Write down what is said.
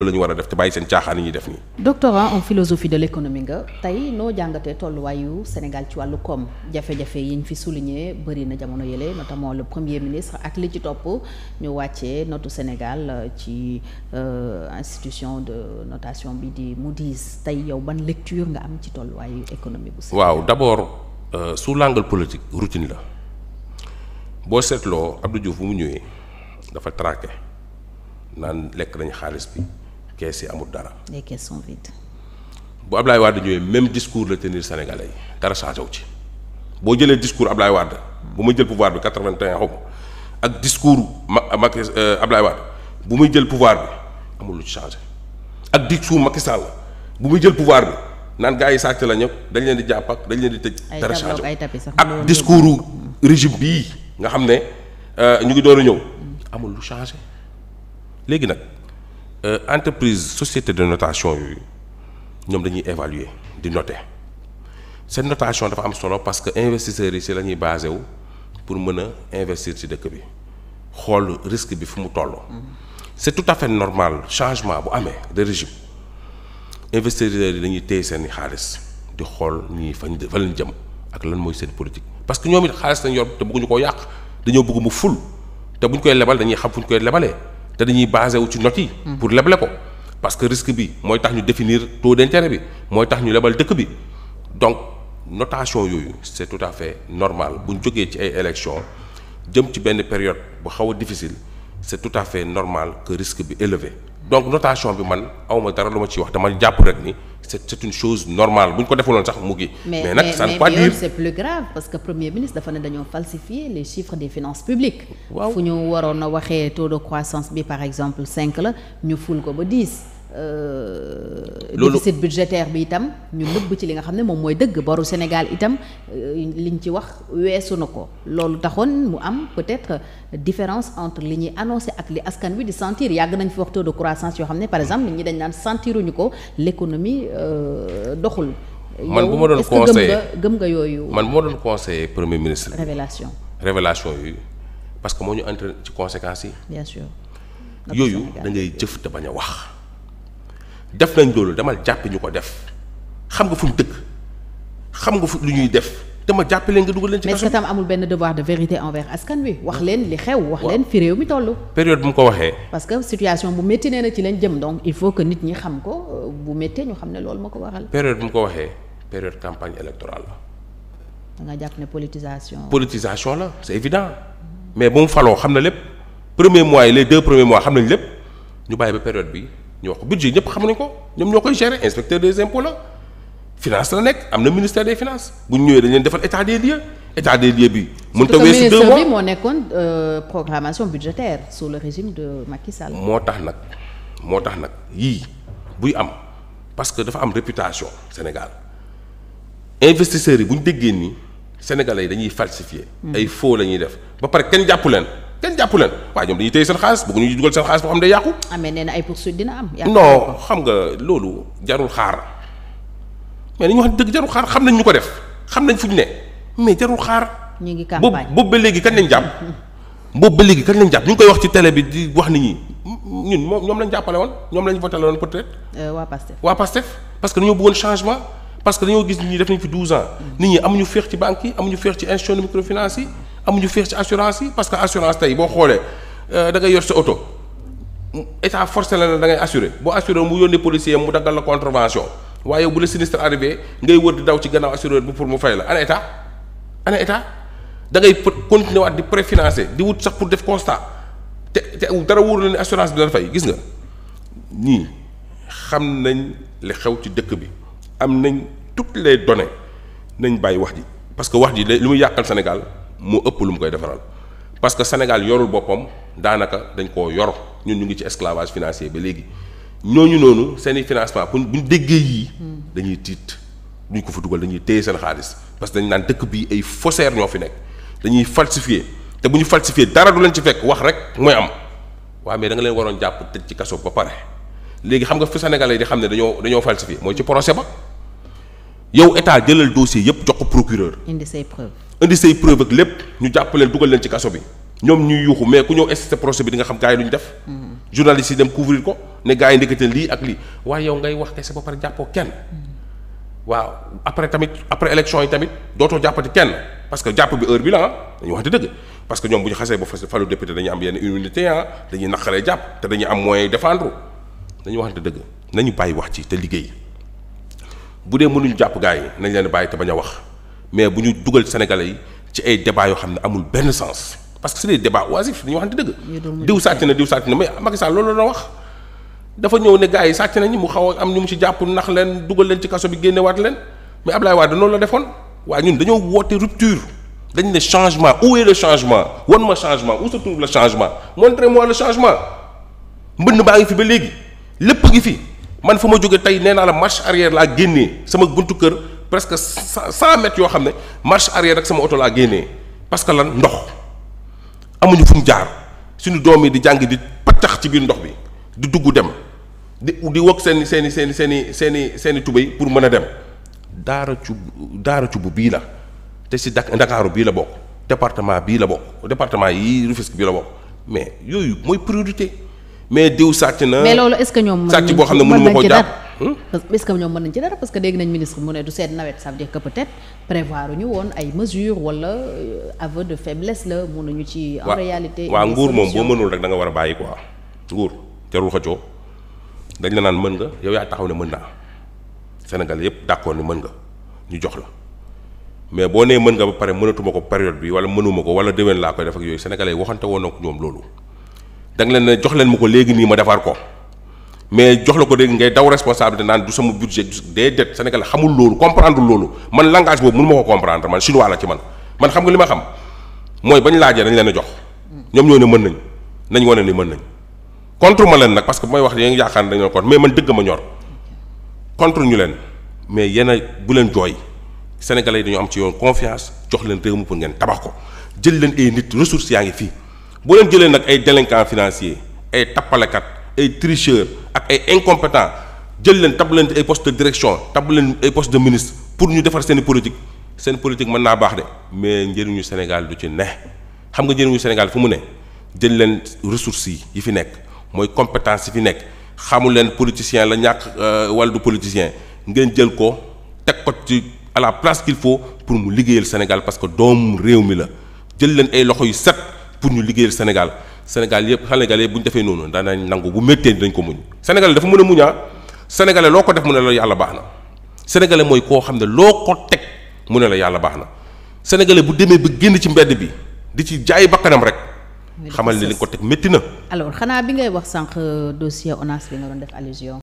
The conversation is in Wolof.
loolu ñu war a def te bàyyi seen caaxaan yi def nii. doctorat en philosophie de l'économie nga tey noo jàngatee tolluwaayu Sénégal ci wàllu koom jafe-jafe yi fi souligné bëri na jamono yële notamment le premier ministre ak li ci topp ñu wàccee notu Sénégal euh, ci euh, institution de notation bi di mu Moody's tey yow ban lecture nga am ci tolluwaayu économie bu Sénégal. waaw d'abord euh, sous l'angle politique routine la boo seetloo Abdou Diouf bu mu ñëwee dafa traqué naan lekk nañu xaalis bi. kees yi amul dara. les caisses sont vides. bu Ablaye Wade ñëwee même discours la tenir sénégalais yi dara changé ci boo jëlee discours Ablaye Wade bu muy jël pouvoir bi 81 xaw ak discours ma euh, Macky euh, Ablaye bu muy jël pouvoir bi lu ci changé ak discours Macky Sall bu muy jël pouvoir bi naan gars yi sàcc la ñëpp dañ leen di jàpp ak dañ leen di tëj. dara changé ak discours régime bii nga xam ne euh, ñu ngi door a ñëw amul lu changé léegi nag. Euh, entreprise société de notation yooyu ñoom dañuy évaluer di noter seen notation dafa am solo parce que investisseurs yi ci la ñuy basé wu pour mën a investir ci dëkk bi xool risque bi fu mu toll. Mm-hmm. c'est tout à fait normal changement bu amee de régime investisseurs yi dañuy téye seen xaalis di xool ñii fañ fa leen jëm ak lan mooy seen politique parce que ñoom it xaalis lañ yor te bëgguñu koo yàq dañoo bëgg mu ful te buñ koy lebal dañuy xam fuñ koy lebalee. te dañuy basé wu ci notes yi. pour leble ko parce que risque bi mooy tax ñu définir taux d'intérêt bi mooy tax ñu lebal dëkk bi donc notation yooyu c'est tout à fait normal bu ñu jógee ci ay élections jëm ci benn période bu xaw a difficile c'est tout à fait normal que risque bi élevé. donc notation bi man awma dara lu ma ci wax dama jàpp rek ni c'est c'est une chose normale bu ñu ko defuloon sax mu ngi. mais nag ça pas dire c'est plus grave parce que premier ministre dafa ne dañoo falsifier les chiffres de finances publiques. waaw fu ñu waroon a waxee taux de croissance bi par exemple cinq la ñu ful ko ba 10. Euh, loolu déficit budgétaire bi itam ñu nëbb ci li nga xam ne moom mooy dëgg boru Sénégal itam euh, li ñu ci wax weesu na ko loolu taxoon mu am peut-être différence entre li ñuy annoncé ak li askan wi di sentir yàgg nañ fi wax taux de croissance yoo xam ne par exemple ñi dañ naan sentiruñu ko l'économie euh, doxul. man bu ma doon conseillé gëm nga yooyu. man bu ma doon conseillé premier ministre. révélation révélation yi parce que moo ñu entraîné ci conséquences yi. bien sûr yooyu da ngay jëf te bañ a wax. def nañ doolu demal jàppi ñu ko def xam nga fu ñu dëkk xam nga fu lu ñuy def te ma jàppale nga dugal leen ci kaso mais tam amul benn devoir de vérité envers askan wi wax leen li xew wax leen fi mi toll période bu mu ko waxee parce que situation bu métti nee na ci lañ jëm donc il faut que nit ñi xam ko bu méttee ñu xam ne loolu ma ko waral période bu mu ko waxee période campagne électorale la da nga jàpp ne politisation politisation la c'est évident mais bu faloo xam na lépp premier mois les deux premiers mois xam nañ lépp ñu bàyyi ba période bi ñu wax ko budget ñëpp xam nañ ko ñoom ñoo koy gérer inspecteur des impôts la finance la nekk am na ministère des finances bu ñu ñëwee dañ leen defal état des lieux état des lieux bi. mën ta weesu deux mois ministère bi moo nekkoon euh, programmation budgétaire sous le régime de Macky moo tax nag moo tax nag yii buy am parce que dafa am réputation Sénégal investisseurs yi buñ ñu déggee nii sénégalais yi dañuy falsifier. Mm. ay foo la ñuy def ba pare kenn jàppu leen. kenn jàpp leen waaye ñoom dañuy téye seen xaalis bëgg ñu dugal seen xaalis boo xam xam nga loolu jarul xaar mais dañu wax dëgg jarul xaar xam nañ ñu ko def xam nañ fu ñu ne mais jarul xaar. ñu ngi campagne boobu ba léegi kañ lañ jàpp. boobu ba léegi kañ lañ jàpp ñu ngi koy wax ci télé bi di wax nit ñi ñun moom ñoom lañ jàppale woon ñoom lañ voté woon peut être. Euh, waa Pastef waa Pastef parce que dañoo bëggoon changement parce dañoo gis nit ñi def nañ fi 12 ans. Mm. nit ñi amuñu féex ci banque yi amuñu féex ci institution de ñu féex ci assurance yi parce que assurance tey boo xoolee euh, dangay yor sa oto état forcé la ne da ngay boo assuré mu yónnee policier mu daggal la contravention waaye bu la sinistre arrivé ngay wër di daw ci gannaaw assureur bi pour mu fay la ana état ana état dangay ngay continuer di préfinancer di wut sax pour def constat te te dara wóor la ne assurance bi la fay gis nga ñii xam nañ li xew ci dëkk bi am nañ toutes les données nañ bàyyi wax ji parce que wax ji li muy yàqal Sénégal moo ëpp lu mu koy defaral parce que Sénégal yorul boppam daanaka dañ koo yor ñun ñu ngi ci esclavage financier ba léegi ñooñu noonu seen i financement pour ñu déggee yii dañuy tiit duñ ko fa dugal dañuy téye seen xaalis parce que dañ naan dëkk bii ay faussaires ñoo fi nekk dañuy falsifier te bu ñu falsifier dara du leen ci fekk wax rek mooy am waaw amee danga nga leen waroon jàpp tëj ci kaso ba pare léegi xam nga fi Sénégalais di xam ne dañoo dañoo falsifier mooy ci procès ba yow état jëlal dossier yëpp jox ko procureur. indi say indi say preuve ak lépp ñu jàppaleen dugal leen ci kaso bi ñoom ñuy yuuxu mais ku ñëw st procès bi di xam gars yi lu ñu def mm-hmm. journalistes yi dem couvrir ko ne gars yi ndekete lii ak lii waaye yow ngay wax kese ba pare jàppoo kenn mm-hmm. waaw après tamit après élection yi tamit dootoo jàppati kenn parce que jàpp bi heure bi la ah dañuy wax dëgg parce que ñoom bu ñu xasee ba falu député dañuy am yenn immunité ah dañuy naqaree jàpp te dañuy am moyen défendre dañuy waxante dëgg nañu bàyyi wax ci liggéey bu dee mënuñu jàpp gars nañ leen bàyyi te bañ a wax mais bu ñu dugal Sénégalais yi ci ay débats yoo xam ne amul benn sens parce que c'est des débats oisifs dañu waxante dëgg. diw sàcc na diw sàcc na mais Macky Sall loolu la wax. dafa ñëw ne gaa yi sàcc nañu mu xaw a am ñu mu ci jàpp nax leen dugal leen ci kaso bi génne génnewaat leen mais Ablaye Wade noonu la defoon waaye ñun dañoo woote rupture dañ ne changement où est le changement wan ma changement où se trouve la changement montrez-moi le changement mbënn baa ba léegi lépp ngi fi man fa ma jóge tey nee naa la marche arrière laa génnee sama buntu kër. presque sa mètres yoo xam ne marche arrière rek sama oto laa génnee parce que lan ndox amuñu fu mu jaar suñu doom yi di jàng di paccax ci biir ndox bi di dugg dem di di wokk seen i seen i seen seeni seen i seen tubéy pour mën a dem daara cu daara bu bii la te si dak ndakaaru bii la bokk département bii la bokk département yi Rufisque bii la bokk mais yooyu mooy priorité mais diw sàcc na mais loolu est ñoom sàcc boo xam ne mënu ma ko jàpp parce que est-ce que ñoom mën nañ ci dara parce que dégg nañ ministre mu ne du seen nawet ça veut dire que peut-être prévoir ñu woon ay mesures wala euh, aveu de faiblesse la mënuñu ci. en réalité waaw nguur moom boo mënul rek danga war a bàyyi quoi nguur jarul xëccoo dañ la naan mën nga yow yaa taxaw ne mën naa Sénégal yëpp d'accord ni mën nga ñu jox la mais boo nee mën nga ba pare mënatuma ko période bi wala mënuma ko wala déwén laa koy def ak yooyu sénégalais waxante woon ko ñoom loolu da nga leen ne jox leen ma ko léegi nii ma defar ko. mais jox la ko dégg ngay daw responsabilité naan du sama budget des dettes Sénégal xamul loolu comprendre loolu man langage boobu mënu ma ko comprendre man chinois la ci man man xam nga li ma xam mooy bañ laajee dañ leen a jox ñoom ñoo ne mën nañ nañ wane ni mën nañ contre ma leen nag parce que bu may wax yéen yaakaar ne dañu la contre mais man dëgg ma ñor contre ñu leen mais yéen a bu leen jooy sénégalais yi dañu am ci yoon confiance jox leen réew mi pour ngeen tabax ko jël leen ay nit ressources yaa ngi fii boo leen jëlee nag ay délinquants financiers ay tappalekat ay tricheurs ak ay incompétents jël leen tab leen ay poste de direction tab leen ay poste de ministre pour ñu defar seen politique seen politique mën naa baax de mais njëriñu Sénégal du ci ne xam nga njëriñu Sénégal fu mu ne jël leen ressources yi yi fi nekk mooy compétence yi fi nekk xamu leen politicien la ñàkk euh, wala du politicien ngeen jël ko teg ko ci à la place qu'il faut pour mu liggéeyal Sénégal parce que doomu réew mi la jël leen ay loxo yu set pour ñu liggéeyal Sénégal Sénégal yëpp Sénégal bu ñu defee noonu daanañ nangu bu méttee dañ ko muñ Sénégal dafa mën a muñaa ah. Sénégalais loo ko def mu ne la yàlla baax na Sénégalais mooy koo xam ne loo ko teg mu ne la yàlla baax na Sénégalais bu demee ba génn ci mbedd bi di ci jaay bakkanam rek. xamal ni li ko teg métti na. alors xanaa bi ngay wax sànq euh, dossier ONAS bi nga doon def allusion.